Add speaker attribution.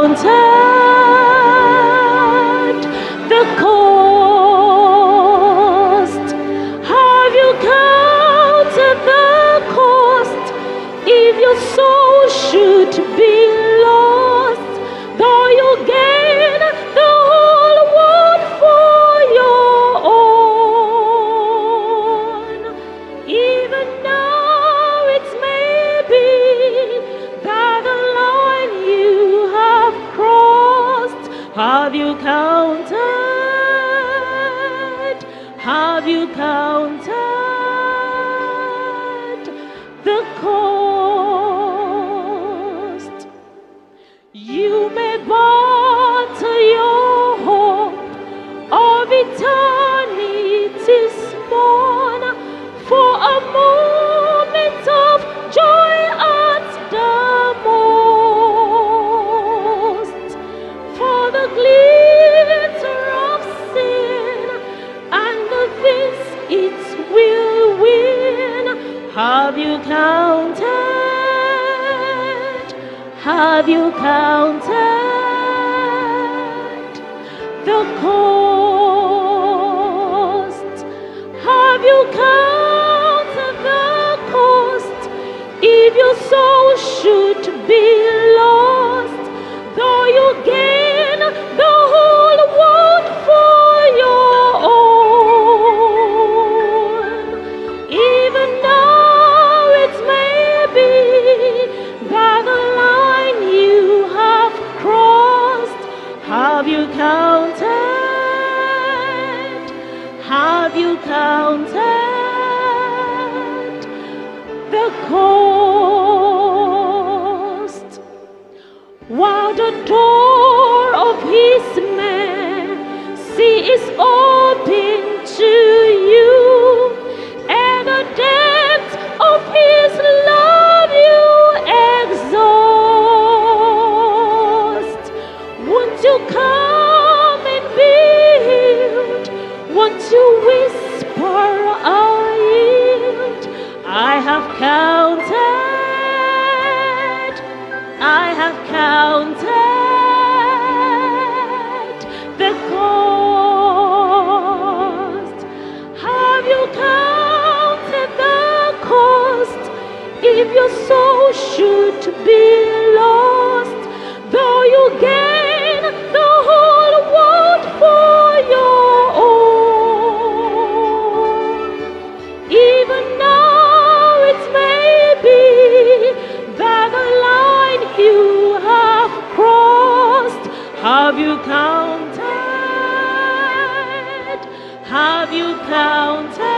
Speaker 1: sounds at the cost? Have you counted the cost if your soul should be? Have you counted? Have you counted? Have you counted? Have you counted the cost? Have you counted the cost if your soul should be? you counted the cost while the door of his mercy is open to if your soul should be lost, though you gain the whole world for your own, even now it may be that the line you have crossed, have you counted? Have you counted?